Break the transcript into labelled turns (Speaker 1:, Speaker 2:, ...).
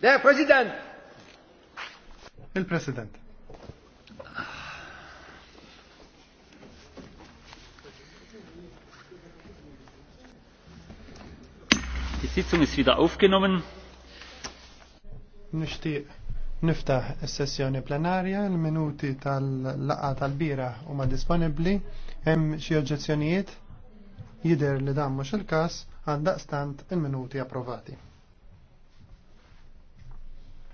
Speaker 1: Le, President!
Speaker 2: Il-President.
Speaker 3: Die Sitzung ist wieder aufgenommen. Nishtiq Niftaħ
Speaker 4: is-sessjoni plenarja, il-minuti tal-laqa tal-bira huma disponibbli, hemm xi oġġezzjonijiet jidher li dan mhux il-każ għandaqstant il-minuti approvati.